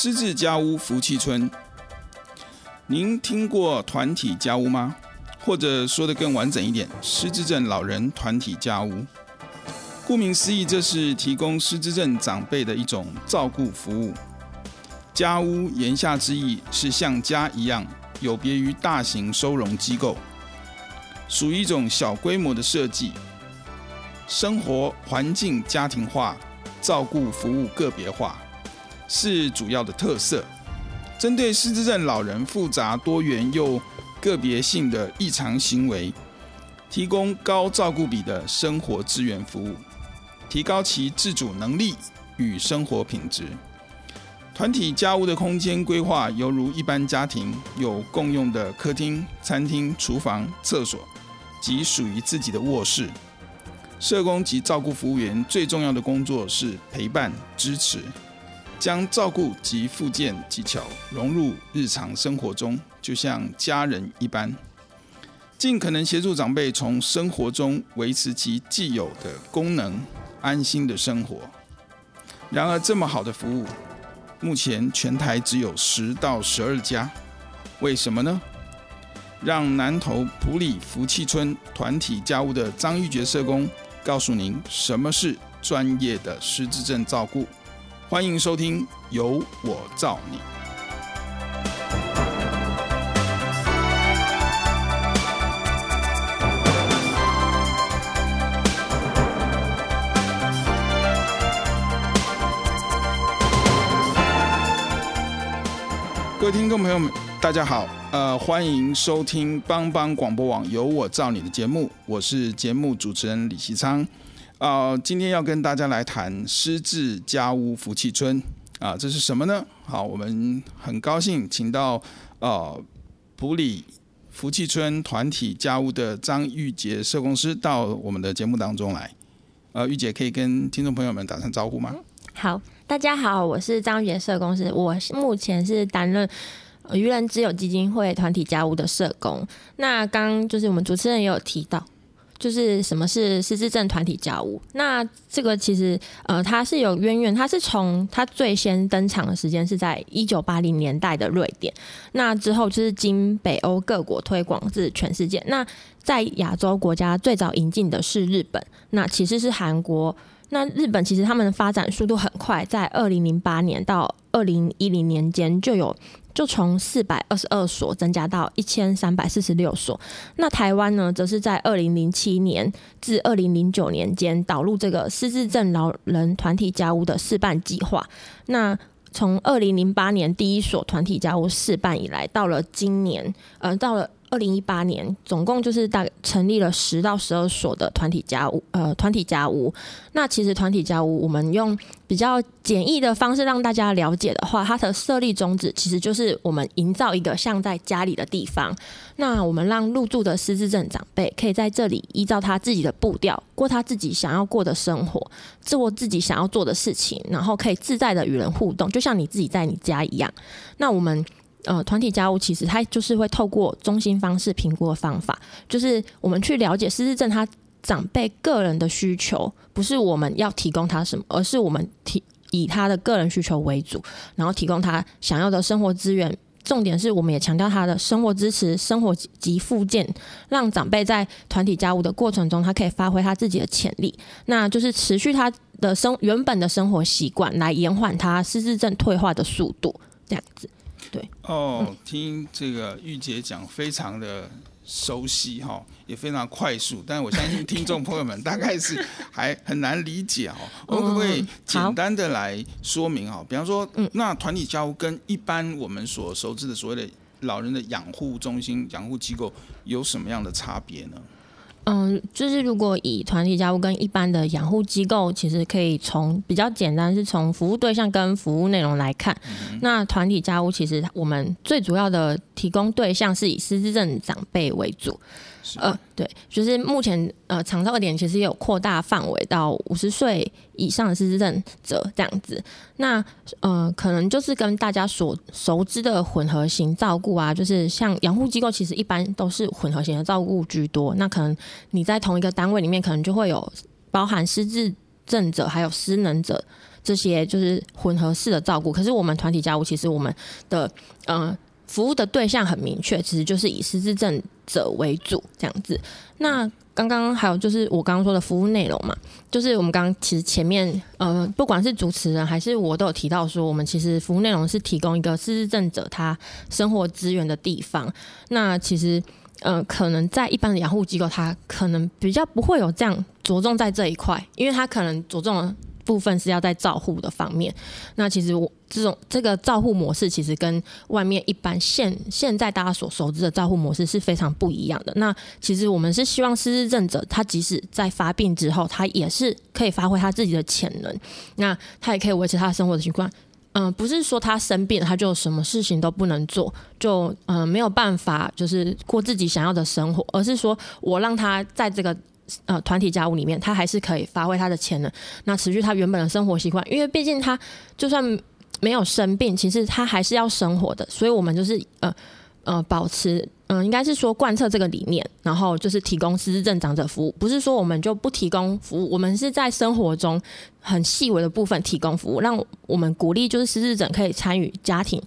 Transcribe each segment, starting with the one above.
師字家屋福氣村，您聽過團體家屋嗎？或者說的更完整一點，師字鎮老人團體家屋。顧名思義，這是提供師資鎮長輩的一種照顧服務。家屋，言下之意是像家一樣，有別於大型收容機構，屬於一種小規模的設計，生活環境家庭化，照顧服務個別化。是主要的特色，針對失智症老人複雜多元又個別性的異常行為，提供高照顧比的生活支援服務，提高其自主能力與生活品質。團體家屋的空間規劃猶如一般家庭，有共用的客廳、餐廳、廚房、廁所及屬於自己的臥室。社工及照顧服務員最重要的工作是陪伴、支持。將照顧及復健技巧融入日常生活中，就像家人一般，盡可能協助長輩從生活中維持其既有的功能，安心的生活。然而，這麼好的服務，目前全台只有十到十二家，為什麼呢？讓南投埔里福氣村團體家屋的張鈺婕社工告訴您，什麼是專業的失智症照顧。歡迎收聽《有我照你》。各位聽眾朋友們，大家好，呃，歡迎收聽幫幫廣播網《有我照你的》的節目，我是節目主持人李希昌啊、呃，今天要跟大家來談“失智家屋福氣村”啊、呃，這是什麼呢？好，我們很高興請到啊、呃、埔里福氣村團體家屋的張鈺婕社工師到我們的節目當中來。呃，鈺婕可以跟聽眾朋友們打聲招呼嗎？好，大家好，我是張鈺婕社工師，我目前是擔任愚人之友基金會團體家屋的社工。那剛就是我們主持人也有提到。就是什麼是失智症團體家屋？那這個其實呃，它是有淵源，它是從它最先登場的時間是在一九八零年代的瑞典，那之後就是經北歐各國推廣至全世界。那在亞洲國家最早引進的是日本，那其實是韓國。那日本其實他們的發展速度很快，在二零零八年到二零一零年間就有。就從四百二十二所增加到一千三百四十六所。那台灣呢，則是在二零零七年至二零零九年間導入這個失智症老人團體家屋的試辦計畫。那從二零零八年第一所團體家屋試辦以來，到了今年，呃，到了。二零一八年，總共就是大概成立了十到十二所的團體家屋，呃，團體家屋。那其實團體家屋，我們用比較簡易的方式讓大家了解的話，它的設立宗旨其實就是我們營造一個像在家裡的地方。那我們讓入住的失智症長輩可以在這裡依照他自己的步調，過他自己想要過的生活，做自己想要做的事情，然後可以自在的與人互動，就像你自己在你家一樣。那我們。呃，團體家屋其實它就是會透過中心方式評估的方法，就是我們去了解失智症他長輩個人的需求，不是我們要提供他什麼，而是我們提以他的個人需求為主，然後提供他想要的生活資源。重點是我們也強調他的生活支持、生活及復健，讓長輩在團體家屋的過程中，他可以發揮他自己的潛力，那就是持續他的生原本的生活習慣，來延緩他失智症退化的速度，這樣子。對哦，聽這個鈺姐講，非常的熟悉哈，也非常快速。但我相信聽眾朋友們大概是還很難理解哦。我們可不可以簡單的來說明哈？比方說，那團體家屋跟一般我們所熟知的所謂的老人的養護中心、養護機構有什麼樣的差別呢？嗯，就是如果以團體家屋跟一般的養護機構，其實可以從比較簡單，是從服務對象跟服務內容來看。嗯嗯，那團體家屋其實我們最主要的提供對象是以失智症長輩為主。呃，對，就是目前呃，長照2.0其實也有擴大範圍到五十歲以上的失智症者這樣子。那呃，可能就是跟大家所熟知的混合型照顧啊，就是像養護機構，其實一般都是混合型的照顧居多。那可能你在同一個單位裡面，可能就會有包含失智症者還有失能者這些，就是混合式的照顧。可是我們團體家屋，其實我們的呃。服務的對象很明確，其實就是以失智症者為主這樣子。那剛剛還有就是我剛剛說的服務內容嘛，就是我們剛剛其實前面呃，不管是主持人還是我都有提到說，我們其實服務內容是提供一個失智症者他生活資源的地方。那其實呃，可能在一般的養護機構，他可能比較不會有這樣着重在這一塊，因為他可能着重。部分是要在照護的方面，那其實我這種這個照護模式，其實跟外面一般現現在大家所熟知的照護模式是非常不一樣的。那其實我們是希望失智者，他即使在發病之後，他也是可以發揮他自己的潛能，那他也可以維持他的生活的習慣。嗯、呃，不是說他生病他就什麼事情都不能做，就嗯、呃、沒有辦法就是過自己想要的生活，而是說我讓他在這個。呃，團體家屋裡面，他還是可以發揮他的潛能，那持續他原本的生活習慣，因為畢竟他就算沒有生病，其實他還是要生活的，所以我們就是呃呃，保持嗯、呃，應該是說貫徹這個理念，然後就是提供失智症長者服務，不是說我們就不提供服務，我們是在生活中很細微的部分提供服務，讓我們鼓勵就是失智症可以參與家庭，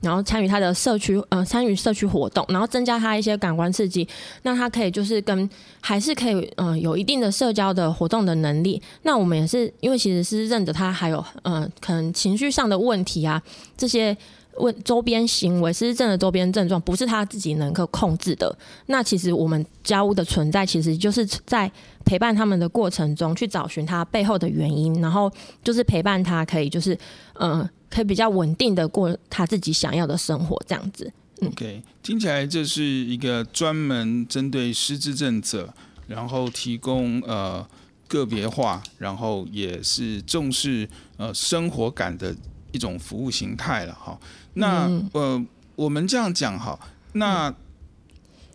然後參與他的社區，呃，參與社區活動，然後增加他一些感官刺激，那他可以就是跟還是可以，嗯、呃，有一定的社交的活動的能力。那我們也是因為其實是認得他還有，嗯、呃，可能情緒上的問題啊這些。問周邊行為，失智症的周邊症狀不是他自己能夠控制的。那其實我們家屋的存在，其實就是在陪伴他們的過程中去找尋他背後的原因，然後就是陪伴他，可以就是嗯、呃，可以比較穩定的過他自己想要的生活，這樣子。嗯、OK，聽起來這是一個專門針對失智症者，然後提供呃個別化，然後也是重視呃生活感的。一種服務形態了哈，那、嗯、呃，我們這樣講哈，那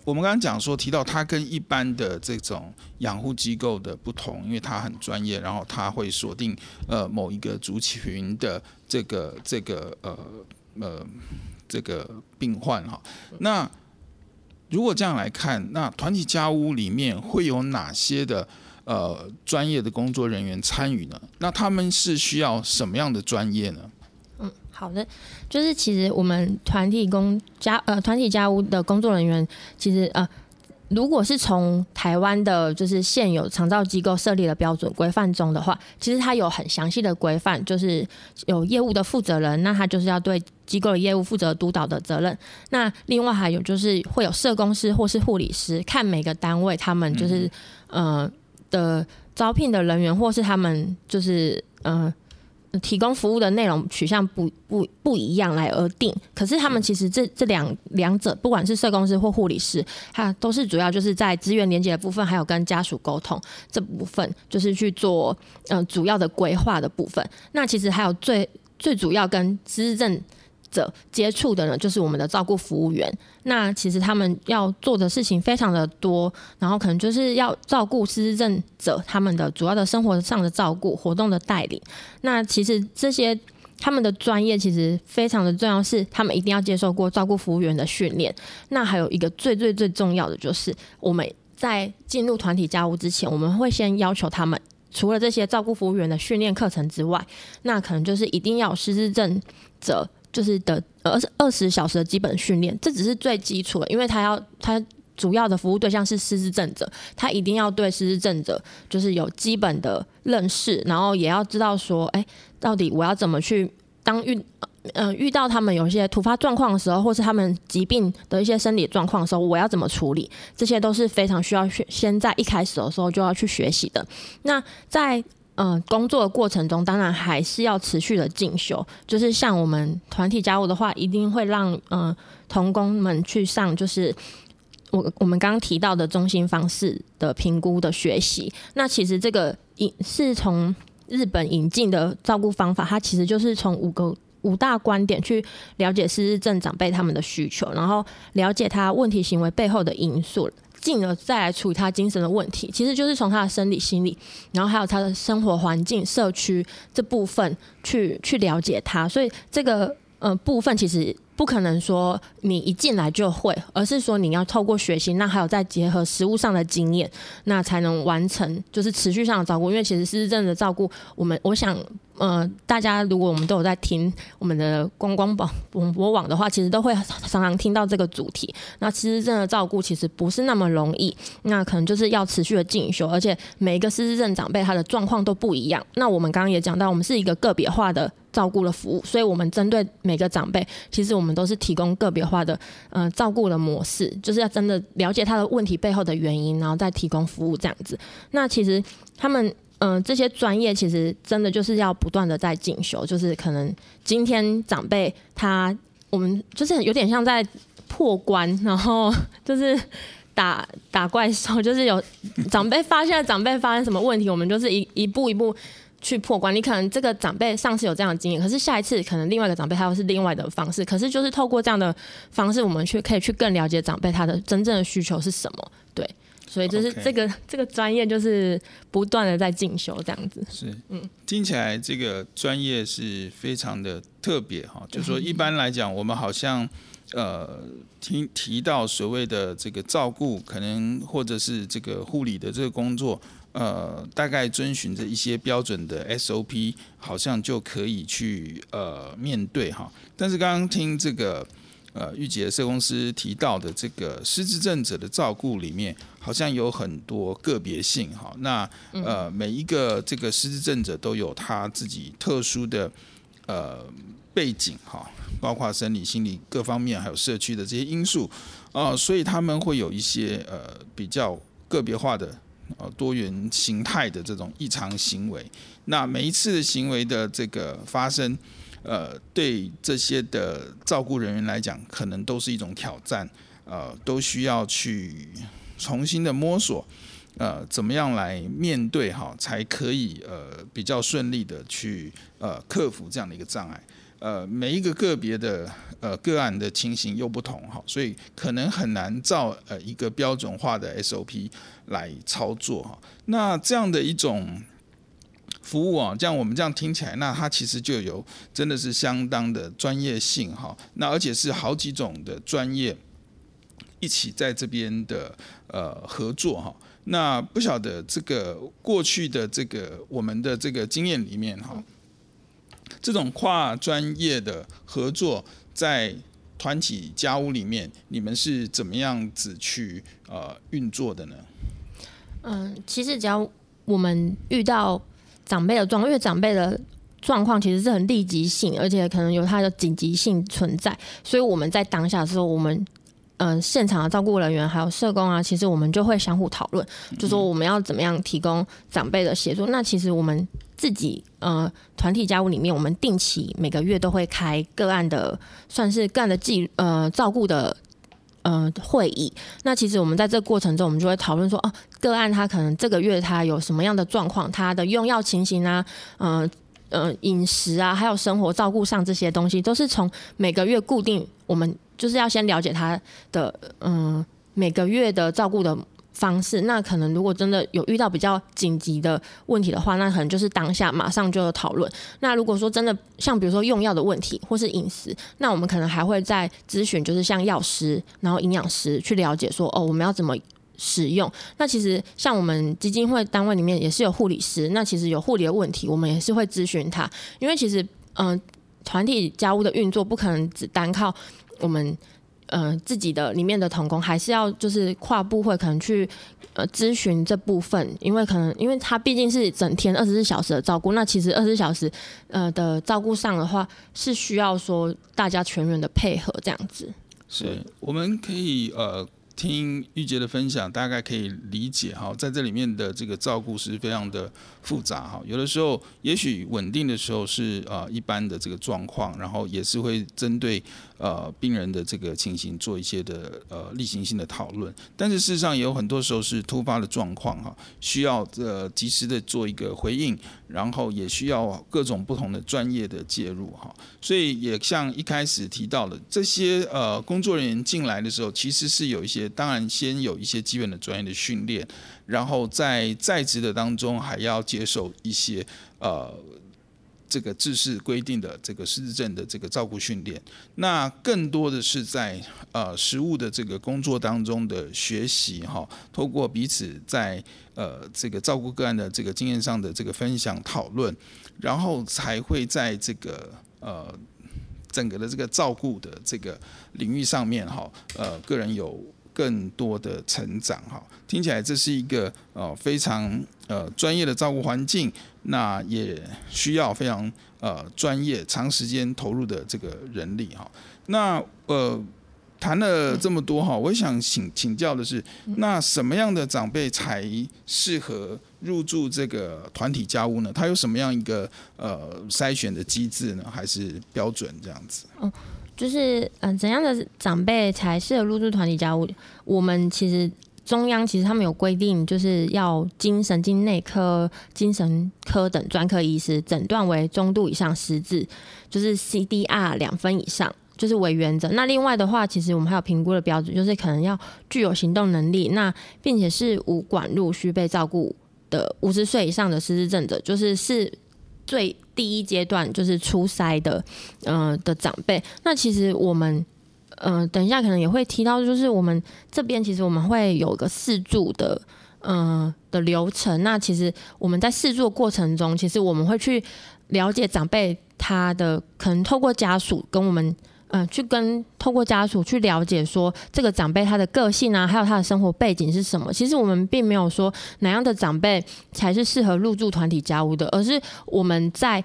我們剛剛講說提到他跟一般的這種養護機構的不同，因為他很專業，然後他會鎖定呃某一個族群的這個這個呃呃這個病患哈。那如果這樣來看，那團體家屋裡面會有哪些的呃專業的工作人員參與呢？那他們是需要什麼樣的專業呢？好的，就是其實我們團體工家呃團體家屋的工作人員，其實呃，如果是從台灣的就是現有長照機構設立的標準規範中的話，其實它有很詳細的規範，就是有業務的負責人，那他就是要對機構的業務負責督，督導的責任。那另外還有就是會有社工師或是護理師，看每個單位他們就是、嗯、呃的招聘的人員或是他們就是嗯。呃提供服務的內容取向不不不一樣來而定，可是他們其實這這兩兩者，不管是社工師或護理師，他都是主要就是在資源連接的部分，還有跟家屬溝通這部分，就是去做嗯、呃、主要的規劃的部分。那其實還有最最主要跟資政。者接觸的呢，就是我們的照顧服務員。那其實他們要做的事情非常的多，然後可能就是要照顧失智症者他們的主要的生活上的照顧、活動的帶領。那其實這些他們的專業其實非常的重要的是，是他們一定要接受過照顧服務員的訓練。那還有一個最最最重要的就是，我們在進入團體家屋之前，我們會先要求他們除了這些照顧服務員的訓練課程之外，那可能就是一定要失智症者。就是的，二十二十小時的基本訓練，這只是最基礎的，因為他要他主要的服務對象是失智症者，他一定要對失智症者就是有基本的認識，然後也要知道說，哎、欸，到底我要怎麼去當遇嗯、呃、遇到他們有些突發狀況的時候，或是他們疾病的一些生理狀況的時候，我要怎麼處理，這些都是非常需要去先在一開始的時候就要去學習的。那在嗯、呃，工作的過程中，當然還是要持續的進修。就是像我們團體家屋的話，一定會讓嗯、呃、同工們去上，就是我我們剛剛提到的中心方式的評估的學習。那其實這個引是從日本引進的照顧方法，它其實就是從五個五大觀點去了解失智症長輩他們的需求，然後了解他問題行為背後的因素。進而再來處理他精神的問題，其實就是從他的生理、心理，然後還有他的生活環境、社區這部分去去了解他。所以這個嗯、呃、部分其實不可能說你一進來就會，而是說你要透過學習，那還有再結合實務上的經驗，那才能完成就是持續上的照顧。因為其實失智症的照顧，我們我想。呃，大家如果我們都有在聽我們的幫幫廣播網的話，其實都會常常聽到這個主題。那其實失智症的照顧其實不是那麼容易，那可能就是要持續的進修，而且每一個失智症長輩他的狀況都不一樣。那我們剛剛也講到，我們是一個個別化的照顧的服務，所以我們針對每個長輩，其實我們都是提供個別化的嗯、呃，照顧的模式，就是要真的了解他的問題背後的原因，然後再提供服務這樣子。那其實他們。嗯、呃，這些專業其實真的就是要不斷的在進修，就是可能今天長輩他，我們就是有點像在破關，然後就是打打怪獸，就是有長輩發現了長輩發生什麼問題，我們就是一一步一步去破關。你可能這個長輩上次有這樣的經驗，可是下一次可能另外一個長輩他又是另外的方式，可是就是透過這樣的方式，我們去可以去更了解長輩他的真正的需求是什麼，對。所以就是這個 Okay 這個專業就是不斷的在進修這樣子。是，嗯，聽起來這個專業是非常的特別哈，就是、說一般來講，我們好像、嗯、呃聽提，提到所謂的這個照顧，可能或者是這個護理的這個工作，呃，大概遵循着一些標準的 SOP，好像就可以去呃面對哈。但是剛剛聽這個呃鈺婕社工師提到的這個失智症者的照顧裡面。好像有很多個別性哈，那呃每一個這個失智症者都有他自己特殊的呃背景哈，包括生理、心理各方面，還有社區的這些因素啊，呃，所以他們會有一些呃比較個別化的呃多元形態的這種異常行為。那每一次的行為的這個發生，呃，對這些的照顧人員來講，可能都是一種挑戰，呃，都需要去，重新的摸索，呃，怎麼樣來面對哈，才可以呃比較順利的去呃克服這樣的一個障礙，呃，每一個個別的呃個案的情形又不同哈，所以可能很難照呃一個標準化的 SOP 來操作哈。那這樣的一種服務啊，這樣我們這樣聽起來，那它其實就有真的是相當的專業性哈。那而且是好幾種的專業。一起在這邊的呃合作哈，那不曉得這個過去的這個我們的這個經驗裡面哈，這種跨專業的合作在團體家屋裡面，你們是怎麼樣子去呃運作的呢？嗯，其實只要我們遇到長輩的狀況，因為長輩的狀況其實是很立即性，而且可能有它的緊急性存在，所以我們在當下的時候我們。嗯、呃，現場的照顧人員還有社工啊，其實我們就會相互討論，嗯、哼就說我們要怎麼樣提供長輩的協助。那其實我們自己，呃，團體家屋裡面，我們定期每個月都會開個案的，算是個案的記呃照顧的呃會議。那其實我們在這個過程中，我們就會討論說，哦、啊，個案他可能這個月他有什麼樣的狀況，他的用藥情形啊，嗯、呃、嗯，飲、呃、食啊，還有生活照顧上這些東西，都是從每個月固定我們。就是要先了解他的嗯，每個月的照顧的方式。那可能如果真的有遇到比較緊急的問題的話，那可能就是當下馬上就要討論。那如果說真的像比如說用藥的問題或是飲食，那我們可能還會再諮詢，就是像藥師然後營養師去了解說哦，我們要怎麼使用。那其實像我們基金會單位裡面也是有護理師，那其實有護理的問題，我們也是會諮詢他，因為其實嗯，團體家屋的運作不可能只單靠。我們呃自己的裡面的同工還是要就是跨部會可能去呃諮詢這部分，因為可能因為他畢竟是整天二十四小時的照顧，那其實二十四小時呃的照顧上的話是需要說大家全員的配合這樣子。是，嗯、我們可以呃。聽鈺婕的分享，大概可以理解哈，在這裡面的這個照顧是非常的複雜哈。有的時候，也許穩定的時候是啊一般的這個狀況，然後也是會針對呃病人的這個情形做一些的呃例行性的討論。但是事實上也有很多時候是突發的狀況哈，需要這及時的做一個回應。然後也需要各種不同的專業的介入哈，所以也像一開始提到的，這些呃工作人員進來的時候，其實是有一些，當然先有一些基本的專業的訓練，然後在在職的當中還要接受一些呃。這個制式規定的這個失智症的這個照顧訓練，那更多的是在呃實務的這個工作當中的學習哈，透過彼此在呃這個照顧個案的這個經驗上的這個分享討論，然後才會在這個呃整個的這個照顧的這個領域上面哈，呃個人有更多的成長哈。聽起來這是一個呃非常呃專業的照顧環境。那也需要非常呃專業、長時間投入的這個人力哈。那呃談了這麼多哈，我想請請教的是，那什麼樣的長輩才適合入住這個團體家屋呢？他有什麼樣一個呃篩選的機制呢？還是標準這樣子？嗯，就是嗯、呃、怎樣的長輩才適合入住團體家屋？我們其實。中央其實他們有規定，就是要經神經內科、精神科等專科醫師診斷為中度以上失智，就是 CDR 兩分以上，就是為原則。那另外的話，其實我們還有評估的標準，就是可能要具有行動能力，那並且是無管路需被照顧的五十歲以上的失智症者，就是是最第一階段就是初篩的，嗯、呃、的長輩。那其實我們。嗯、呃，等一下可能也會提到，就是我們這邊其實我們會有一個試住的，嗯、呃、的流程。那其實我們在試住的過程中，其實我們會去了解長輩他的可能透過家屬跟我們，嗯、呃，去跟透過家屬去了解說這個長輩他的個性啊，還有他的生活背景是什麼。其實我們並沒有說哪樣的長輩才是適合入住團體家屋的，而是我們在。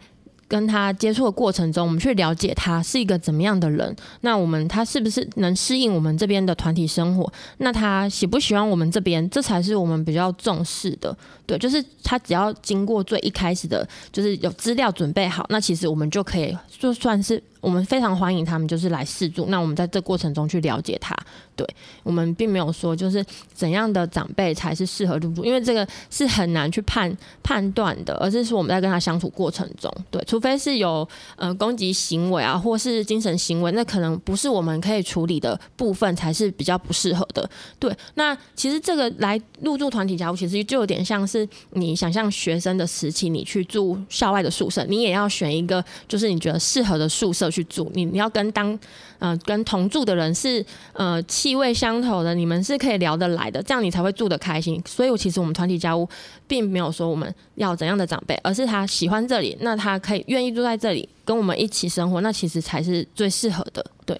跟他接觸的過程中，我們去了解他是一個怎麼樣的人。那我們他是不是能適應我們這邊的團體生活？那他喜不喜歡我們這邊？這才是我們比較重視的。對，就是他只要經過最一開始的，就是有資料準備好，那其實我們就可以就算是我們非常歡迎他們，就是來試住。那我們在這過程中去了解他。對，我們並沒有說就是怎樣的長輩才是適合入住，因為這個是很難去判判斷的，而這是我們在跟他相處過程中，對，除非是有呃攻擊行為啊，或是精神行為，那可能不是我們可以處理的部分，才是比較不適合的。對，那其實這個來入住團體家屋，其實就有點像是你想象學生的時期，你去住校外的宿舍，你也要選一個就是你覺得適合的宿舍去住，你你要跟當。嗯、呃，跟同住的人是呃氣味相投的，你們是可以聊得來的，這樣你才會住得開心。所以，我其實我們團體家屋並沒有說我們要怎樣的長輩，而是他喜歡這裡，那他可以願意住在這裡，跟我們一起生活，那其實才是最適合的。對。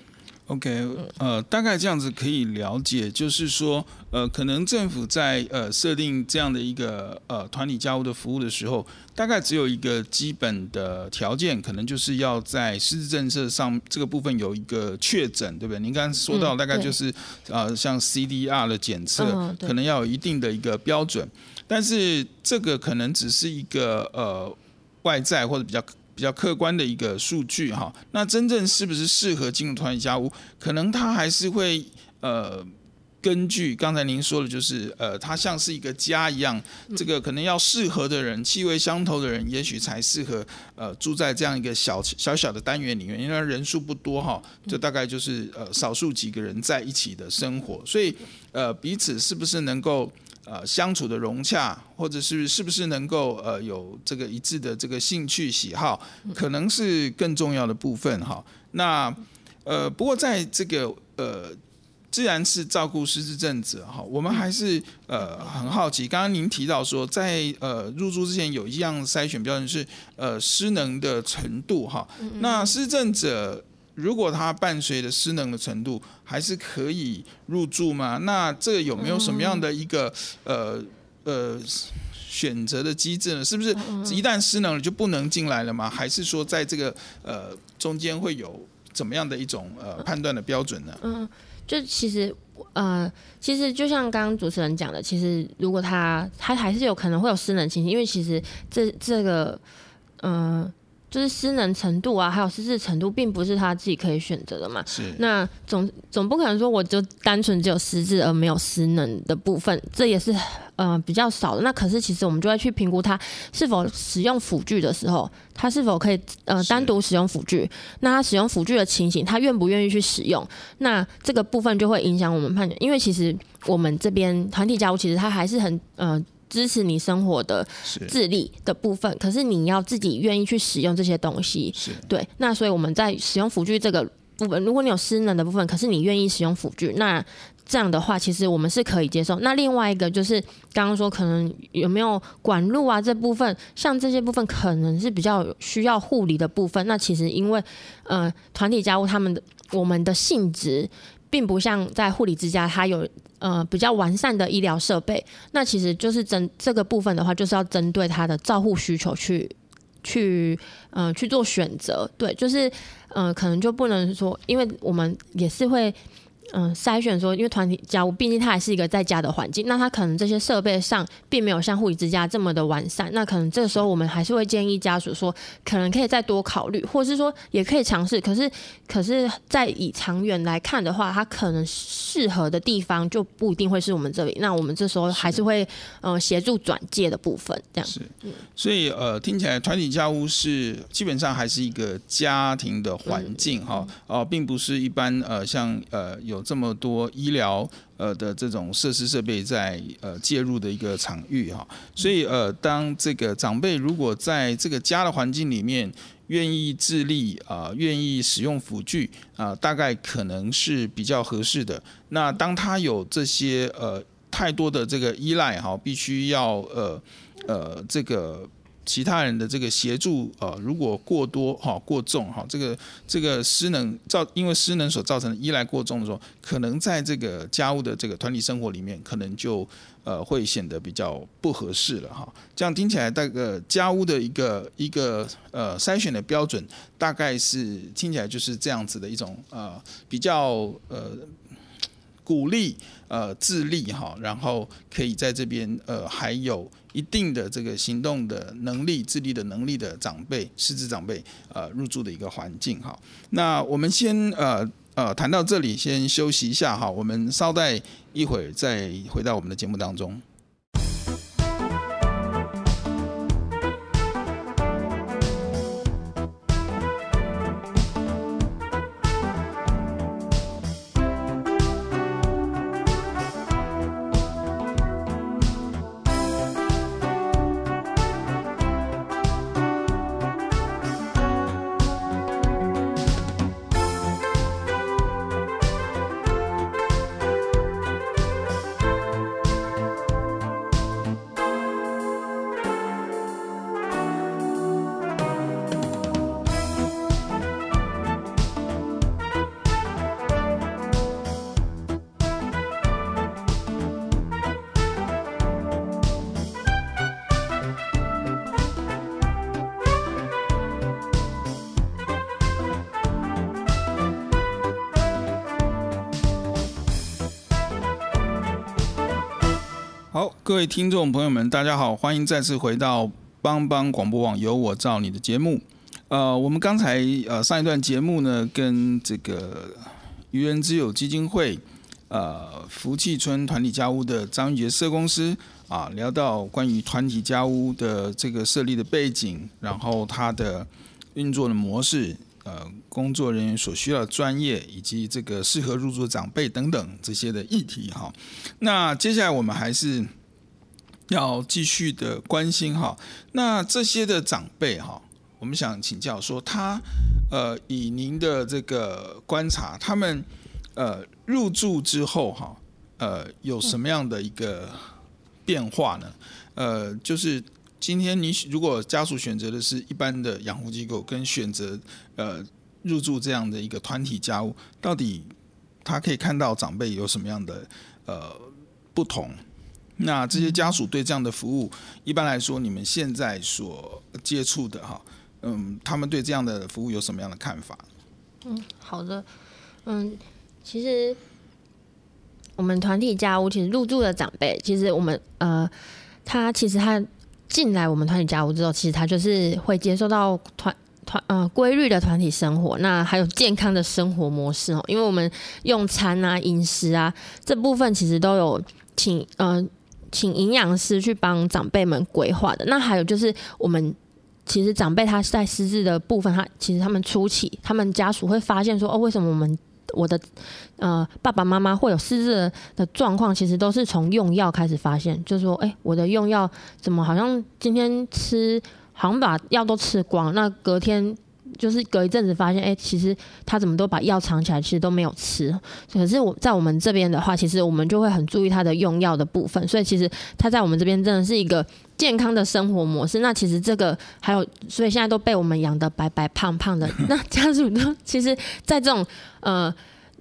OK，呃，大概這樣子可以了解，就是說，呃，可能政府在呃設定這樣的一個呃團體家屋的服務的時候，大概只有一個基本的條件，可能就是要在失智政策上這個部分有一個確診，對不對？您剛剛說到大概就是、嗯、呃，像 CDR 的檢測，嗯、可能要有一定的一個標準，但是這個可能只是一個呃外在或者比較。比較客觀的一個數據哈，那真正是不是適合進入團體家屋，可能他還是會呃，根據剛才您說的，就是呃，它像是一個家一樣，這個可能要適合的人，氣味相投的人也，也許才適合呃住在這樣一個小小小的單元裡面，因為人數不多哈，就大概就是呃少數幾個人在一起的生活，所以呃彼此是不是能夠。呃，相處的融洽，或者是是不是能夠呃有這個一致的這個興趣喜好，可能是更重要的部分哈。那呃，不過在這個呃，既然是照顧失智症者哈，我們還是呃很好奇。剛剛您提到說，在呃入住之前有一樣篩選標準是呃失能的程度哈。那失智者。如果他伴隨著失能的程度還是可以入住嗎？那這個有沒有什麼樣的一個、嗯、呃呃選擇的機制呢？是不是一旦失能了就不能進來了嗎？還是說在這個呃中間會有怎麼樣的一種呃判斷的標準呢？嗯，就其實呃其實就像剛剛主持人講的，其實如果他他還是有可能會有失能情形，因為其實這這個嗯。呃就是失能程度啊，還有失智程度，並不是他自己可以選擇的嘛。是。那總總不可能說，我就單純只有失智而沒有失能的部分，這也是呃比較少的。那可是其實我們就會去評估他是否使用輔具的時候，他是否可以呃單獨使用輔具。是那他使用輔具的情形，他願不願意去使用，那這個部分就會影響我們判決。因為其實我們這邊團體家務其實他還是很嗯。呃支持你生活的自立的部分，是可是你要自己願意去使用這些東西。是對，那所以我們在使用輔具這個部分，如果你有失能的部分，可是你願意使用輔具，那這樣的話其實我們是可以接受。那另外一個就是剛剛說，可能有沒有管路啊這部分，像這些部分可能是比較需要護理的部分。那其實因為呃團體家屋他們的我們的性質。並不像在護理之家，它有呃比較完善的醫療設備。那其實就是針這個部分的話，就是要針對他的照護需求去去呃去做選擇。對，就是嗯、呃、可能就不能說，因為我們也是會。嗯，篩選說，因為團體家屋畢竟它還是一個在家的環境，那它可能這些設備上並沒有像護理之家這麼的完善。那可能這個時候我們還是會建議家屬說，可能可以再多考慮，或是說也可以嘗試。可是，可是在以長遠來看的話，它可能適合的地方就不一定會是我們這裡。那我們這時候還是會嗯協是、呃、助轉介的部分，這樣是。所以呃，聽起來團體家屋是基本上還是一個家庭的環境哈，哦、嗯嗯呃，並不是一般呃像呃有。這麼多醫療呃的這種設施設備在呃介入的一個場域哈，所以呃，當這個長輩如果在這個家的環境裡面願意自立啊，願意使用輔具啊，大概可能是比較合適的。那當他有這些呃太多的這個依賴哈，必須要呃呃這個。其他人的這個協助，呃，如果過多哈、哦、過重哈、哦，這個這個失能造，因為失能所造成的依賴過重的時候，可能在這個家屋的這個團體生活裡面，可能就呃會顯得比較不合適了哈、哦。這樣聽起來，大概家屋的一個一個呃篩選的標準，大概是聽起來就是這樣子的一種呃比較呃鼓勵。呃，自立哈，然後可以在這邊呃，還有一定的這個行動的能力、自立的能力的長輩、失智長輩呃，入住的一個環境哈。那我們先呃呃談到這裡，先休息一下哈，我們稍待一會再回到我們的節目當中。各位聽眾朋友們，大家好，歡迎再次回到幫幫廣播網，有我照你的節目。呃，我們剛才呃上一段節目呢，跟這個愚人之友基金會、呃福氣村團體家屋的張鈺婕社公司啊，聊到關於團體家屋的這個設立的背景，然後它的運作的模式，呃，工作人員所需要的專業，以及這個適合入住的長輩等等這些的議題哈。那接下來我們還是。要繼續的關心哈，那這些的長輩哈，我們想請教說，他呃以您的這個觀察，他們呃入住之後哈，呃有什麼樣的一個變化呢？呃，就是今天你如果家屬選擇的是一般的養護機構，跟選擇呃入住這樣的一個團體家屋，到底他可以看到長輩有什麼樣的呃不同？那這些家屬對這樣的服務，一般來說，你們現在所接觸的哈，嗯，他們對這樣的服務有什麼樣的看法？嗯，好的，嗯，其實我們團體家屋其實入住的長輩，其實我們呃，他其實他進來我們團體家屋之後，其實他就是會接受到團團呃規律的團體生活，那還有健康的生活模式哦，因為我們用餐啊、飲食啊這部分其實都有挺嗯。呃請營養師去幫長輩們規劃的。那還有就是，我們其實長輩他在失智的部分，他其實他們初期，他們家屬會發現說，哦，為什麼我們我的呃爸爸媽媽會有失智的狀況？其實都是從用藥開始發現，就是說，哎、欸，我的用藥怎麼好像今天吃，好像把藥都吃光，那隔天。就是隔一陣子發現，哎、欸，其實他怎麼都把藥藏起來，其實都沒有吃。可是我在我們這邊的話，其實我們就會很注意他的用藥的部分，所以其實他在我們這邊真的是一個健康的生活模式。那其實這個還有，所以現在都被我們養得白白胖胖的，那家屬呢？其實在這種呃，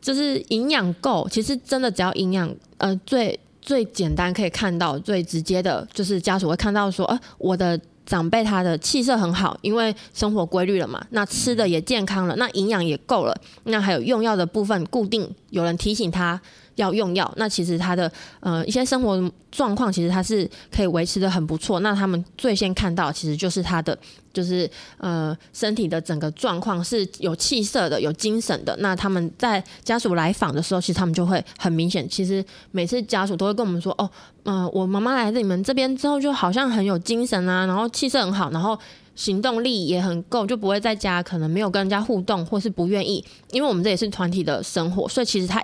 就是營養夠，其實真的只要營養，呃，最最簡單可以看到最直接的，就是家屬會看到說，呃，我的。長輩他的氣色很好，因為生活規律了嘛，那吃的也健康了，那營養也夠了，那還有用藥的部分，固定有人提醒他要用藥，那其實他的呃一些生活狀況，其實他是可以維持得很不錯。那他們最先看到其實就是他的就是呃身體的整個狀況是有氣色的，有精神的。那他們在家屬來訪的時候，其實他們就會很明顯，其實每次家屬都會跟我們說哦。嗯，我媽媽來你們這邊之後，就好像很有精神啊，然後氣色很好，然後行動力也很夠，就不會在家可能沒有跟人家互動，或是不願意，因為我們這也是團體的生活，所以其實他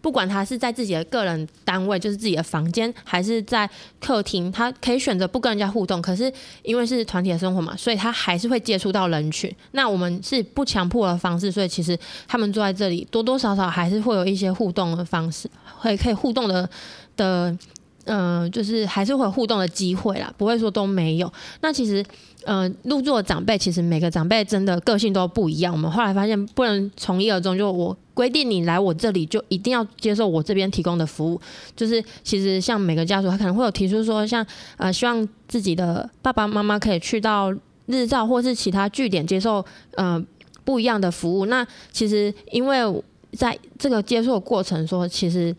不管他是在自己的個人單位，就是自己的房間，還是在客廳，他可以選擇不跟人家互動，可是因為是團體的生活嘛，所以他還是會接觸到人群。那我們是不強迫的方式，所以其實他們坐在這裡，多多少少還是會有一些互動的方式，會可以互動的的。嗯、呃，就是還是會有互動的機會啦，不會說都沒有。那其實，呃，入住的長輩其實每個長輩真的個性都不一樣。我們後來發現，不能從一而終，就我規定你來我這裡就一定要接受我這邊提供的服務。就是其實像每個家屬，他可能會有提出說像，像呃，希望自己的爸爸媽媽可以去到日照或是其他據點接受呃不一樣的服務。那其實因為在這個接受的過程說，其實。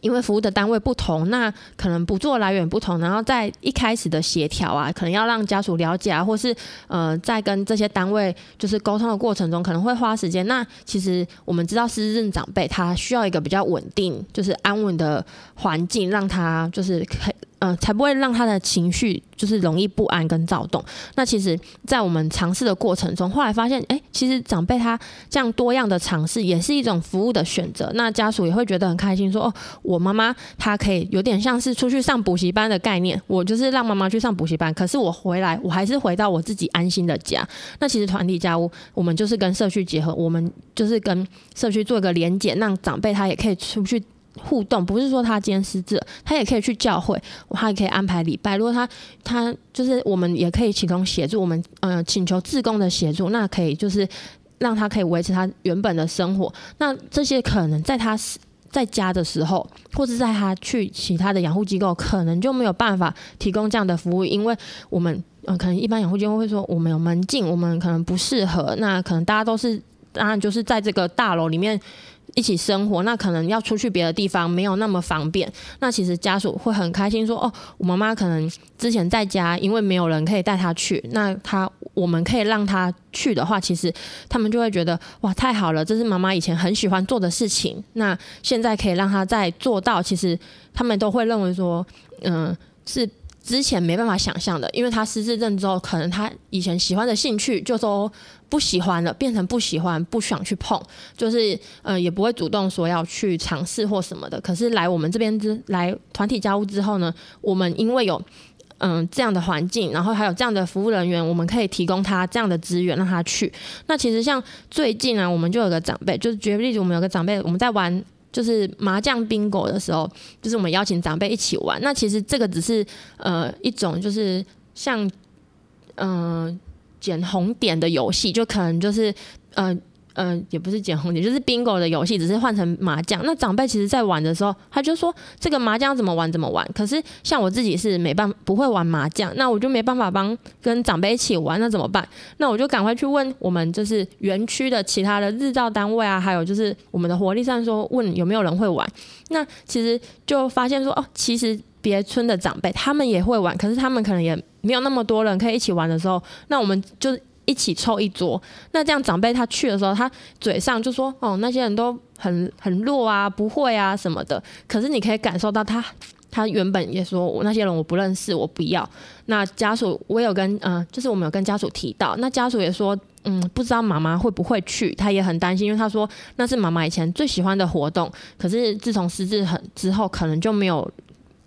因為服務的單位不同，那可能補助來源不同，然後在一開始的協調啊，可能要讓家屬了解啊，或是呃，在跟這些單位就是溝通的過程中，可能會花時間。那其實我們知道失智症長輩他需要一個比較穩定，就是安穩的環境，讓他就是可嗯，才不會讓他的情緒就是容易不安跟躁動。那其實，在我們嘗試的過程中，後來發現，哎、欸，其實長輩他這樣多樣的嘗試也是一種服務的選擇。那家屬也會覺得很開心說，說哦，我媽媽她可以有點像是出去上補習班的概念。我就是讓媽媽去上補習班，可是我回來，我還是回到我自己安心的家。那其實團體家屋，我們就是跟社區結合，我們就是跟社區做一個連結，讓長輩他也可以出去。互動不是說他監視者，他也可以去教會，他也可以安排禮拜，如果他他就是，我們也可以提供協助，我們嗯、呃，請求志工的協助，那可以就是讓他可以維持他原本的生活。那這些可能在他在家的時候，或者在他去其他的養護機構，可能就沒有辦法提供這樣的服務，因為我們嗯、呃，可能一般養護機構會說，我們有門禁，我們可能不適合。那可能大家都是當然就是在這個大樓裡面一起生活，那可能要出去別的地方沒有那麼方便。那其實家屬會很開心說，說哦，我媽媽可能之前在家，因為沒有人可以帶她去。那她，我們可以讓她去的話，其實他們就會覺得哇，太好了，這是媽媽以前很喜歡做的事情。那現在可以讓她再做到，其實他們都會認為說，嗯、呃，是。之前沒辦法想象的，因為他失智症之後，可能他以前喜歡的興趣就都不喜歡了，變成不喜歡、不想去碰，就是嗯、呃，也不會主動說要去嘗試或什麼的。可是來我們這邊之來團體家屋之後呢，我們因為有嗯、呃、這樣的環境，然後還有這樣的服務人員，我們可以提供他這樣的資源讓他去。那其實像最近啊，我們就有個長輩，就是舉個例子，我們有個長輩，我們在玩。就是麻將、賓果的時候，就是我們邀請長輩一起玩。那其實這個只是呃一種，就是像嗯撿、呃、紅點的遊戲，就可能就是嗯。呃嗯、呃，也不是撿紅點，也就是 bingo 的遊戲，只是換成麻將。那長輩其實在玩的時候，他就說這個麻將怎麼玩怎麼玩。可是像我自己是沒辦法不會玩麻將，那我就沒辦法幫跟長輩一起玩，那怎麼辦？那我就趕快去問我們就是園區的其他的日照單位啊，還有就是我們的活力站說問有沒有人會玩。那其實就發現說哦，其實別村的長輩他們也會玩，可是他們可能也沒有那麼多人可以一起玩的時候，那我們就。一起湊一桌，那這樣長輩他去的時候，他嘴上就說：“哦，那些人都很很弱啊，不會啊什麼的。”可是你可以感受到他，他他原本也說：“我那些人我不認識，我不要。”那家屬我有跟嗯、呃，就是我們有跟家屬提到，那家屬也說：“嗯，不知道媽媽會不會去，他也很擔心，因為他說那是媽媽以前最喜歡的活動，可是自從失智很之後，可能就沒有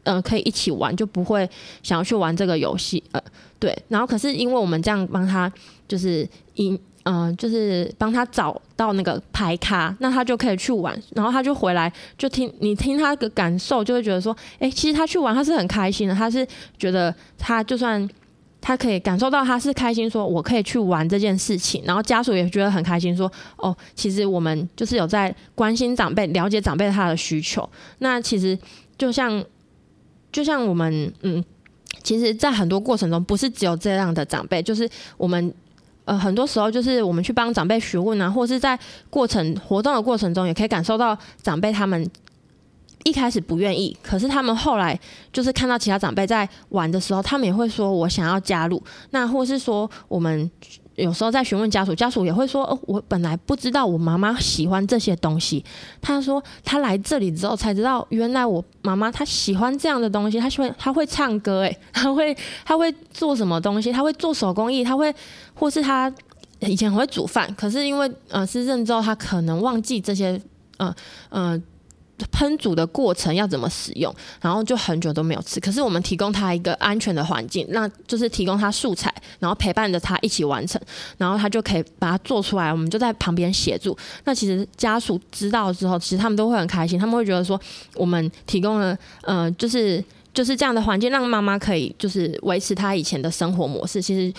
嗯、呃、可以一起玩，就不會想要去玩這個遊戲。”呃，對，然後可是因為我們這樣幫他。就是引嗯、呃，就是幫他找到那個牌卡，那他就可以去玩，然後他就回來就聽你聽他的感受，就會覺得說，哎、欸，其實他去玩他是很開心的，他是覺得他就算他可以感受到他是開心，說我可以去玩這件事情，然後家屬也覺得很開心說，說哦，其實我們就是有在關心長輩，了解長輩他的需求。那其實就像就像我們嗯，其實，在很多過程中，不是只有這樣的長輩，就是我們。呃，很多時候就是我們去幫長輩詢問啊，或是在過程活動的過程中，也可以感受到長輩他們一開始不願意，可是他們後來就是看到其他長輩在玩的時候，他們也會說我想要加入，那或是說我們。有時候在詢問家屬，家屬也會說：“哦，我本來不知道我媽媽喜歡這些東西。他說他來這裡之後才知道，原來我媽媽她喜歡這樣的東西。她喜歡，她會唱歌，哎，她會，她會做什麼東西？她會做手工藝，她會，或是她以前很會煮飯。可是因為呃失智之後，她可能忘記這些，呃，呃。”烹煮的過程要怎麼使用，然後就很久都沒有吃。可是我們提供他一個安全的環境，那就是提供他素材，然後陪伴着他一起完成，然後他就可以把它做出來。我們就在旁邊協助。那其實家屬知道之後，其實他們都會很開心，他們會覺得說，我們提供了，嗯、呃，就是就是這樣的環境，讓媽媽可以就是維持她以前的生活模式。其實。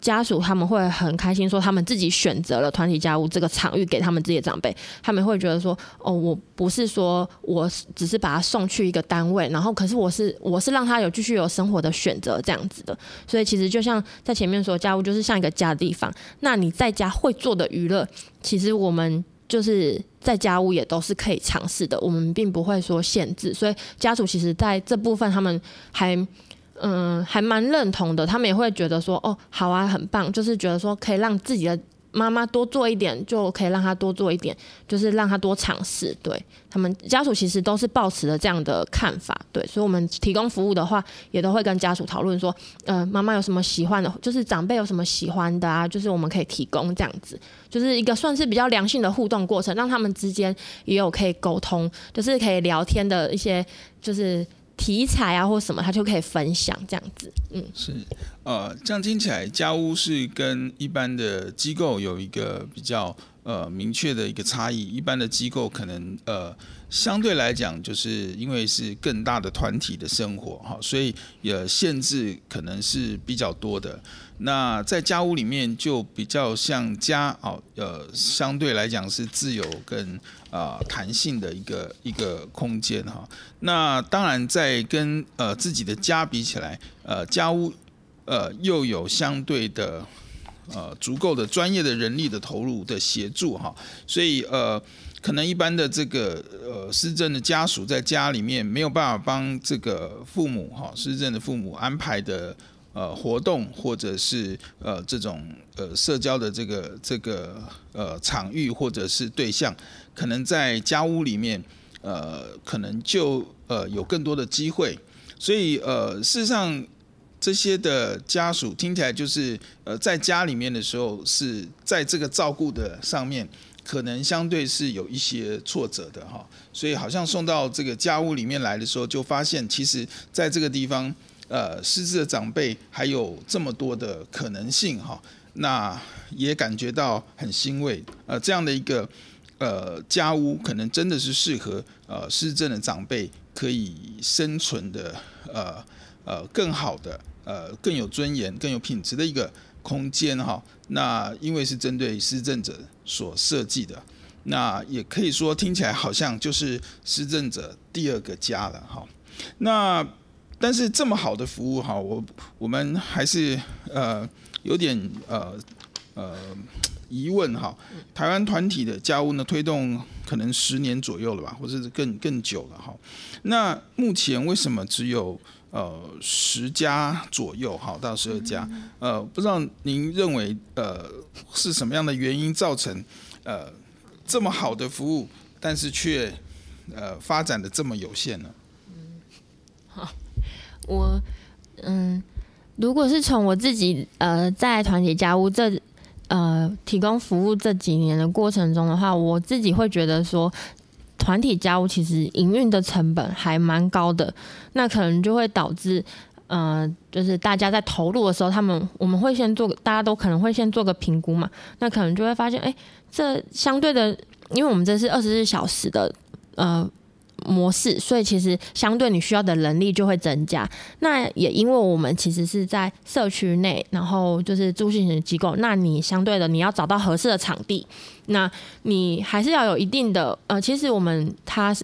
家屬他們會很開心，說他們自己選擇了團體家屋這個場域給他們自己的長輩，他們會覺得說，哦，我不是說我只是把他送去一個單位，然後可是我是我是讓他有繼續有生活的選擇這樣子的。所以其實就像在前面說，家屋就是像一個家的地方。那你在家會做的娛樂，其實我們就是在家屋也都是可以嘗試的，我們並不會說限制。所以家屬其實在這部分他們還嗯，還蠻認同的。他們也會覺得說，哦，好啊，很棒，就是覺得說可以讓自己的媽媽多做一點，就可以讓她多做一點，就是讓她多嘗試。對，他們家屬其實都是抱持着這樣的看法，對。所以我們提供服務的話，也都會跟家屬討論說，呃，媽媽有什麼喜歡的，就是長輩有什麼喜歡的啊，就是我們可以提供這樣子，就是一個算是比較良性的互動過程，讓他們之間也有可以溝通，就是可以聊天的一些，就是。題材啊，或什麼，他就可以分享這樣子，嗯，是。呃，這樣聽起來，家屋是跟一般的機構有一個比較呃明確的一個差異。一般的機構可能呃相對來講，就是因為是更大的團體的生活哈，所以也限制可能是比較多的。那在家屋裡面就比較像家哦，呃相對來講是自由跟啊彈性的一個一個空間哈。那當然在跟呃自己的家比起來，呃家屋。呃，又有相對的呃足夠的專業的人力的投入的協助哈，所以呃，可能一般的這個呃失智的家屬在家裡面沒有辦法幫這個父母哈，失智的父母安排的呃活動或者是呃這種呃社交的這個這個呃場域或者是對象，可能在家屋裡面呃可能就呃有更多的機會，所以呃事實上。這些的家屬聽起來就是，呃，在家裡面的時候是在這個照顧的上面，可能相對是有一些挫折的哈。所以好像送到這個家屋裡面來的時候，就發現其實在這個地方，呃，失智的長輩還有這麼多的可能性哈。那也感覺到很欣慰，呃，這樣的一個呃家屋，可能真的是適合呃失智的長輩可以生存的，呃呃，更好的。呃，更有尊嚴、更有品質的一個空間哈。那因為是針對失智者所設計的，那也可以說聽起來好像就是失智者第二個家了哈。那但是這麼好的服務哈，我我們還是呃有點呃呃疑問哈。台灣團體的家屋呢，推動可能十年左右了吧，或者是更更久了哈。那目前為什麼只有？呃，十家左右，好到十二家。嗯、呃，不知道您認為呃是什麼樣的原因造成呃這麼好的服務，但是卻呃發展得這麼有限呢？嗯、好，我嗯，如果是從我自己呃在團體家屋這呃提供服務這幾年的過程中的話，我自己會覺得說。團體家屋其實營運的成本還蠻高的，那可能就會導致，呃，就是大家在投入的時候，他們我們會先做，大家都可能會先做個評估嘛，那可能就會發現，誒，這相對的，因為我們這是二十四小時的，呃。模式，所以其實相對你需要的能力就會增加。那也因為我們其實是在社區內，然後就是住宿式的機構，那你相對的你要找到合適的場地，那你還是要有一定的呃，其實我們它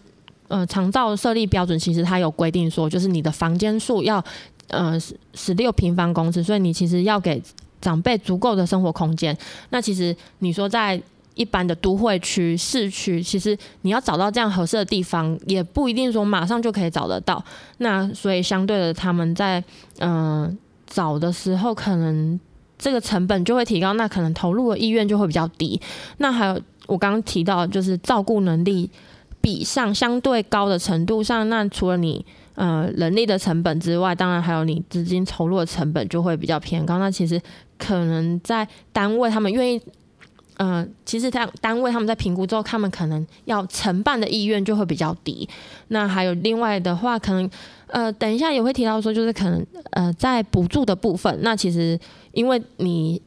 呃長照設立標準，其實它有規定說，就是你的房間數要呃十十六平方公尺，所以你其實要給長輩足夠的生活空間。那其實你說在。一般的都會區、市區，其實你要找到這樣合適的地方，也不一定說馬上就可以找得到。那所以，相對的，他們在嗯、呃、找的時候，可能這個成本就會提高，那可能投入的意願就會比較低。那還有我剛剛提到，就是照顧能力比上相對高的程度上，那除了你呃人力的成本之外，當然還有你資金投入的成本就會比較偏高。那其實可能在單位他們願意。嗯、呃，其實他單位他們在評估之後，他們可能要承辦的意願就會比較低。那還有另外的話，可能呃，等一下也會提到說，就是可能呃，在補助的部分，那其實因為你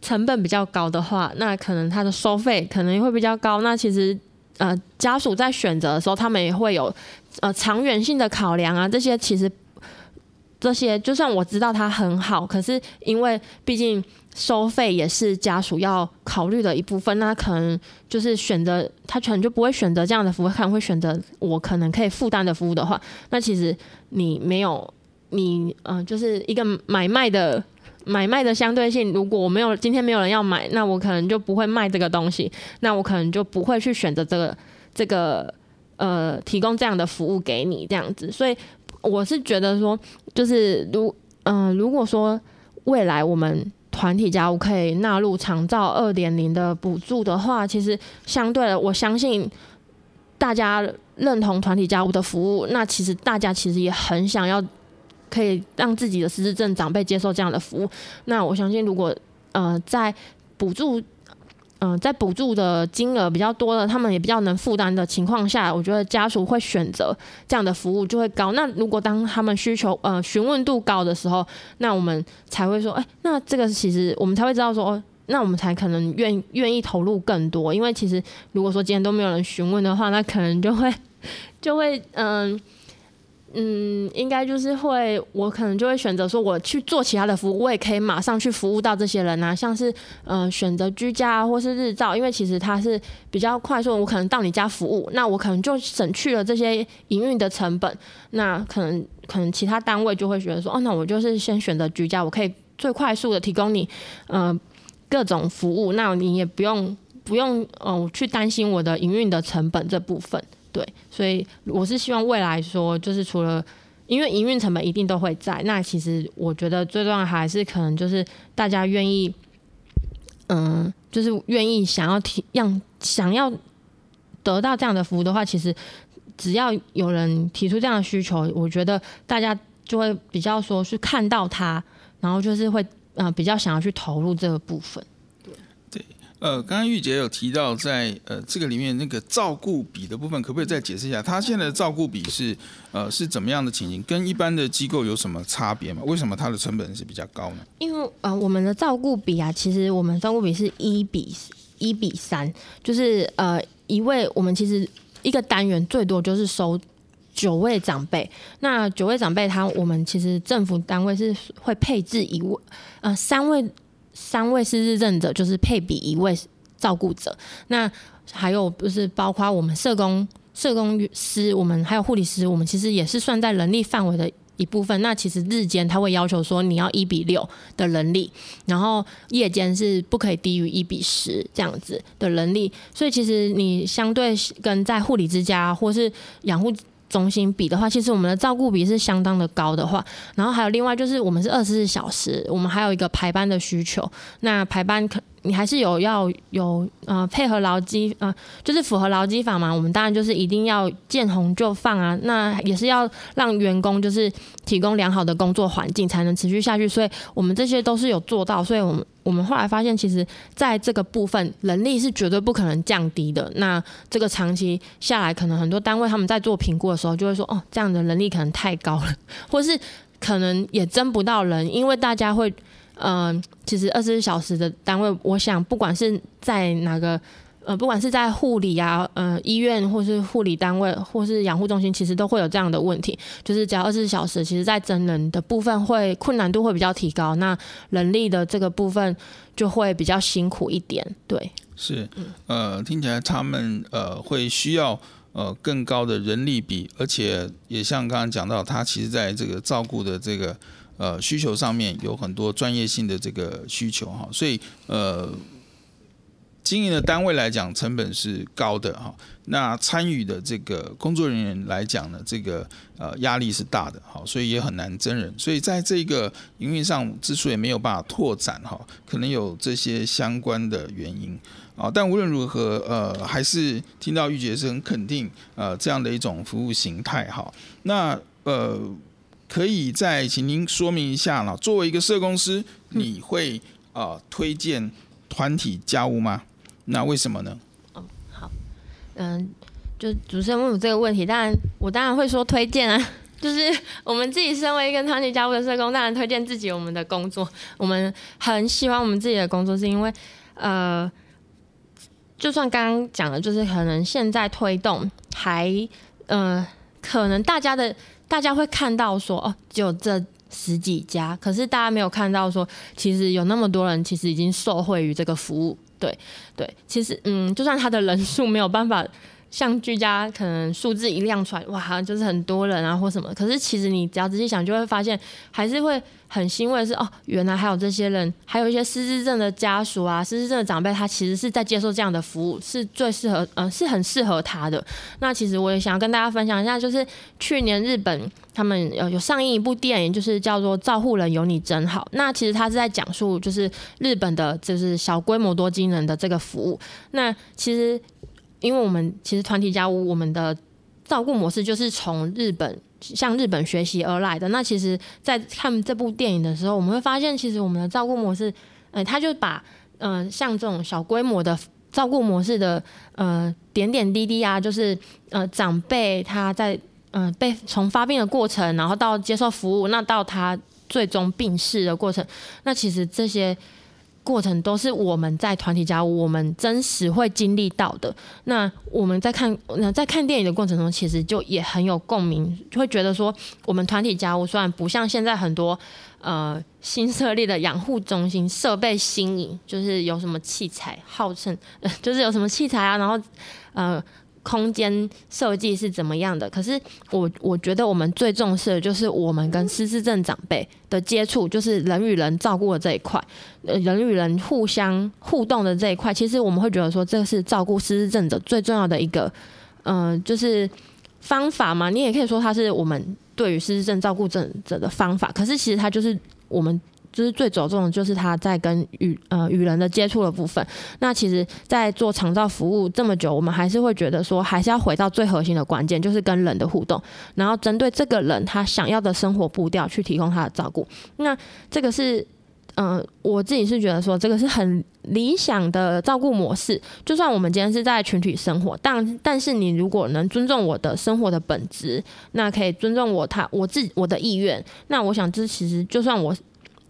成本比較高的話，那可能他的收費可能會比較高。那其實呃，家屬在選擇的時候，他們也會有呃長遠性的考量啊。這些其實這些，就算我知道它很好，可是因為畢竟。收費也是家屬要考慮的一部分。那可能就是選擇，他可能就不會選擇這樣的服務，可能會選擇我可能可以負擔的服務的話。那其實你沒有你嗯、呃，就是一個買賣的買賣的相對性。如果我沒有今天沒有人要買，那我可能就不會賣這個東西，那我可能就不會去選擇這個這個呃，提供這樣的服務給你這樣子。所以我是覺得說，就是如嗯、呃，如果說未來我們。團體家屋可以納入長照二點零的補助的話，其實相對的，我相信大家認同團體家屋的服務，那其實大家其實也很想要可以讓自己的失智症長輩接受這樣的服務。那我相信，如果呃在補助。嗯，在補助的金額比較多的，他們也比較能負擔的情況下，我覺得家屬會選擇這樣的服務就會高。那如果當他們需求呃詢問度高的時候，那我們才會說，哎、欸，那這個其實我們才會知道說，那我們才可能願願意投入更多。因為其實如果說今天都沒有人詢問的話，那可能就會就會嗯。呃嗯，應該就是會，我可能就會選擇說，我去做其他的服務，我也可以馬上去服務到這些人啊，像是呃選擇居家或是日照，因為其實它是比較快速，我可能到你家服務，那我可能就省去了這些營運的成本。那可能可能其他單位就會覺得說，哦，那我就是先選擇居家，我可以最快速的提供你呃各種服務，那你也不用不用嗯、呃、去擔心我的營運的成本這部分。對，所以我是希望未來說，就是除了，因為營運成本一定都會在。那其實我覺得最重要還是，可能就是大家願意，嗯，就是願意想要提，讓想要得到這樣的服務的話，其實只要有人提出這樣的需求，我覺得大家就會比較說去看到它，然後就是會啊、呃、比較想要去投入這個部分。呃，剛剛鈺婕有提到在呃這個裡面那個照顧比的部分，可不可以再解釋一下？他現在的照顧比是呃是怎麼樣的情形？跟一般的機構有什麼差別嗎？為什麼它的成本是比較高呢？因為啊、呃，我們的照顧比啊，其實我們照顧比是一比一比三，就是呃一位，我們其實一個單元最多就是收九位長輩，那九位長輩他我們其實政府單位是會配置一位呃三位。三位是日症者，就是配比一位照顧者，那還有就是包括我們社工、社工師，我們還有護理師，我們其實也是算在人力範圍的一部分。那其實日間他會要求說你要一比六的能力，然後夜間是不可以低於一比十這樣子的能力。所以其實你相對跟在護理之家或是養護。中心比的話，其實我們的照顧比是相當的高的話，然後還有另外就是我們是二十四小時，我們還有一個排班的需求，那排班可。你還是有要有啊、呃，配合勞基啊，就是符合勞基法嘛。我們當然就是一定要見紅就放啊，那也是要讓員工就是提供良好的工作環境才能持續下去。所以，我們這些都是有做到。所以，我們我們後來發現，其實在這個部分人力是絕對不可能降低的。那這個長期下來，可能很多單位他們在做評估的時候就會說，哦，這樣的人力可能太高了，或是可能也爭不到人，因為大家會。呃，其實二十四小時的單位，我想不管是在哪個呃，不管是在護理啊，呃，醫院或是護理單位或是養護中心，其實都會有這樣的問題。就是只要二十四小時，其實在徵人的部分會困難度會比較提高，那人力的這個部分就會比較辛苦一點。對，是，呃，聽起來他們呃會需要呃更高的人力比，而且也像剛剛講到，他其實在這個照顧的這個。呃，需求上面有很多專業性的這個需求哈，所以呃，經營的單位來講成本是高的哈，那參與的這個工作人員來講呢，這個呃壓力是大的，哈，所以也很難徵人，所以在這個營運上，之所以沒有辦法拓展哈，可能有這些相關的原因啊。但無論如何，呃，還是聽到鈺婕是很肯定，呃，這樣的一種服務形態哈。那呃。可以再請您說明一下了。作為一個社工師，你會呃推薦團體家屋嗎？那為什麼呢？嗯、哦，好，嗯，就主持人問我這個問題，當然我當然會說推薦啊。就是我們自己身為一個團體家屋的社工，當然推薦自己我們的工作。我們很喜歡我們自己的工作，是因為呃，就算剛剛講的就是可能現在推動還嗯、呃，可能大家的。大家會看到說哦，就這十幾家，可是大家沒有看到說，其實有那麼多人其實已經受惠於這個服務，對對，其實嗯，就算他的人數沒有辦法，像居家可能數字一亮出來，哇，就是很多人啊，或什麼。可是其實你只要仔細想，就會發現，還是會很欣慰的是，是哦，原來還有這些人，還有一些失智症的家屬啊，失智症的長輩，他其實是在接受這樣的服務，是最適合，呃，是很適合他的。那其實我也想要跟大家分享一下，就是去年日本他們有上映一部電影，就是叫做《照護人有你真好》。那其實他是在講述，就是日本的，就是小規模多機能的這個服務。那其實。因為我們其實團體家屋，我們的照顧模式就是從日本向日本學習而來的。那其實，在看這部電影的時候，我們會發現，其實我們的照顧模式，嗯、呃，他就把嗯、呃，像這種小規模的照顧模式的嗯、呃，點點滴滴啊，就是呃，長輩他在嗯、呃、被從發病的過程，然後到接受服務，那到他最終病逝的過程，那其實這些。過程都是我們在團體家屋，我們真實會經歷到的。那我們在看那在看電影的過程中，其實就也很有共鳴，就會覺得說，我們團體家屋雖然不像現在很多呃新設立的養護中心，設備新穎，就是有什麼器材號稱，就是有什麼器材啊，然後呃。空間設計是怎麼樣的？可是我我覺得我們最重視的就是我們跟失智症長輩的接觸，就是人與人照顧的這一塊，人與人互相互動的這一塊。其實我們會覺得說，這是照顧失智症者最重要的一個，嗯、呃，就是方法嘛。你也可以說它是我們對於失智症照顧者的方法。可是其實它就是我們。其實最着重的，就是他在跟與呃、與人的接觸的部分。那其實，在做長照服務這麼久，我們還是會覺得說，還是要回到最核心的關鍵，就是跟人的互動。然後針對這個人他想要的生活步調，去提供他的照顧。那這個是嗯、呃，我自己是覺得說，這個是很理想的照顧模式。就算我們今天是在群體生活，但但是你如果能尊重我的生活的本質，那可以尊重我他我自我的意願，那我想這其實就算我。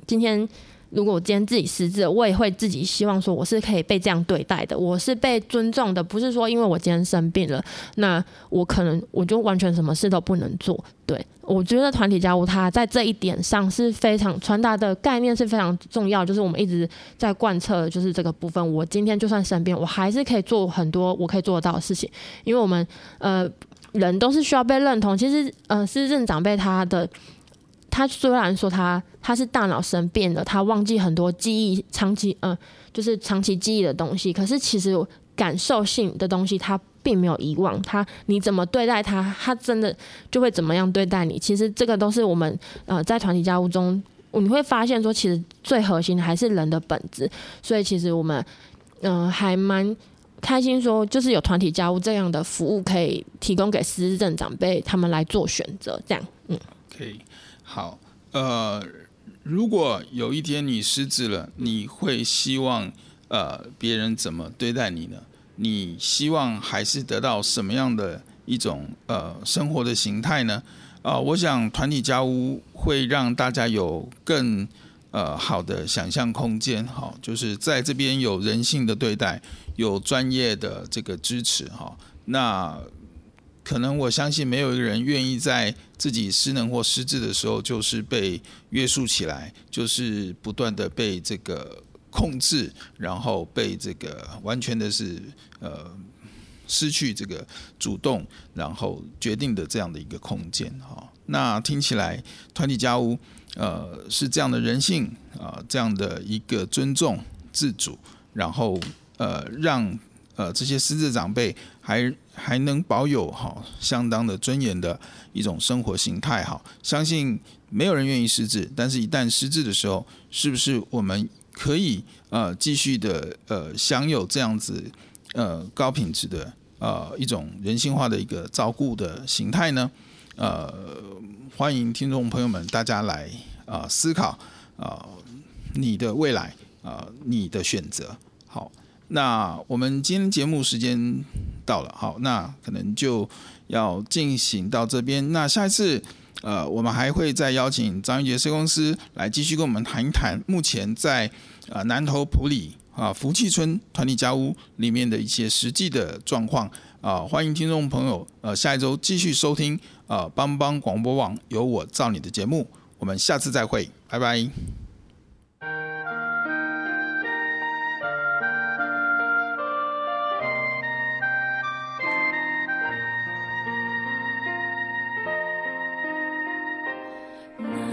今天，如果我今天自己失智了，我也會自己希望說我是可以被這樣對待的，我是被尊重的，不是說因為我今天生病了，那我可能我就完全什麼事都不能做。對，我覺得團體家屋它在這一點上是非常傳達的概念是非常重要，就是我們一直在貫徹，就是這個部分。我今天就算生病，我還是可以做很多我可以做得到的事情，因為我們呃人都是需要被認同。其實呃失智長輩他的。他雖然說他他是大腦生病了，他忘記很多記憶，長期嗯、呃，就是長期記憶的東西。可是其實感受性的東西他並沒有遺忘。他你怎麼對待他，他真的就會怎麼樣對待你。其實這個都是我們呃在團體家屋中，你會發現說，其實最核心的還是人的本質。所以其實我們嗯、呃、還蠻開心，說就是有團體家屋這樣的服務可以提供給失智症長輩他們來做選擇。這樣，嗯，可以。好，呃，如果有一天你失智了，你會希望呃別人怎麼對待你呢？你希望還是得到什麼樣的一種呃生活的形態呢？啊、呃，我想團體家屋會讓大家有更呃好的想象空間，哈、哦，就是在這邊有人性的對待，有專業的這個支持，哈、哦，那。可能我相信沒有一個人願意在自己失能或失智的時候，就是被約束起來，就是不斷的被這個控制，然後被這個完全的是呃失去這個主動，然後決定的這樣的一個空間哈，那聽起來團體家屋呃是這樣的人性啊、呃，這樣的一個尊重自主，然後呃讓。呃，這些失智長輩還還能保有好、哦，相當的尊嚴的一種生活形態哈，相信沒有人願意失智，但是一旦失智的時候，是不是我們可以呃繼續的呃享有這樣子呃高品質的呃一種人性化的一個照顧的形態呢？呃，歡迎聽眾朋友們大家來啊、呃、思考啊、呃、你的未來啊、呃、你的選擇。那我們今天節目時間到了，好，那可能就要進行到這邊。那下一次，呃，我們還會再邀請張鈺婕社工師來繼續跟我們談一談目前在啊、呃、南投埔里啊福氣村團體家屋裡面的一些實際的狀況啊，歡迎聽眾朋友呃下一周繼續收聽啊幫幫廣播網有我照你的節目，我們下次再會，拜拜。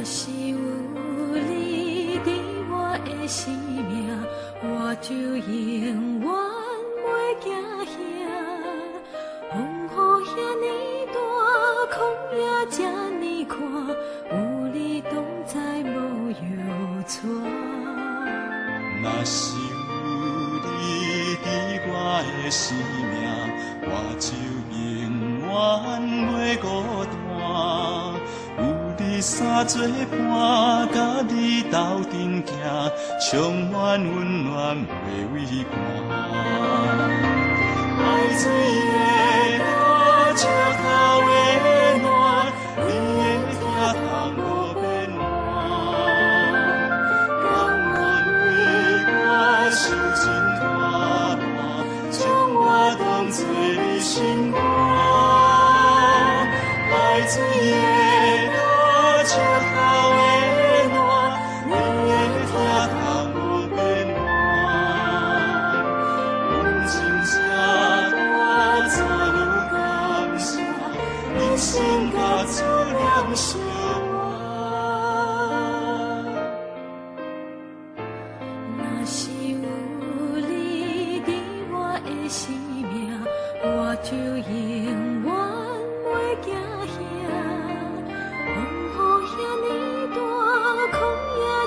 若是有你佇我的生命，我就永遠袂驚嚇。風雨遐尼大，空也遐呢闊，有你同在，無憂愁。若是有你佇我的生。三做伴，甲你鬥陣行，充滿溫暖袂畏寒。愛最遠。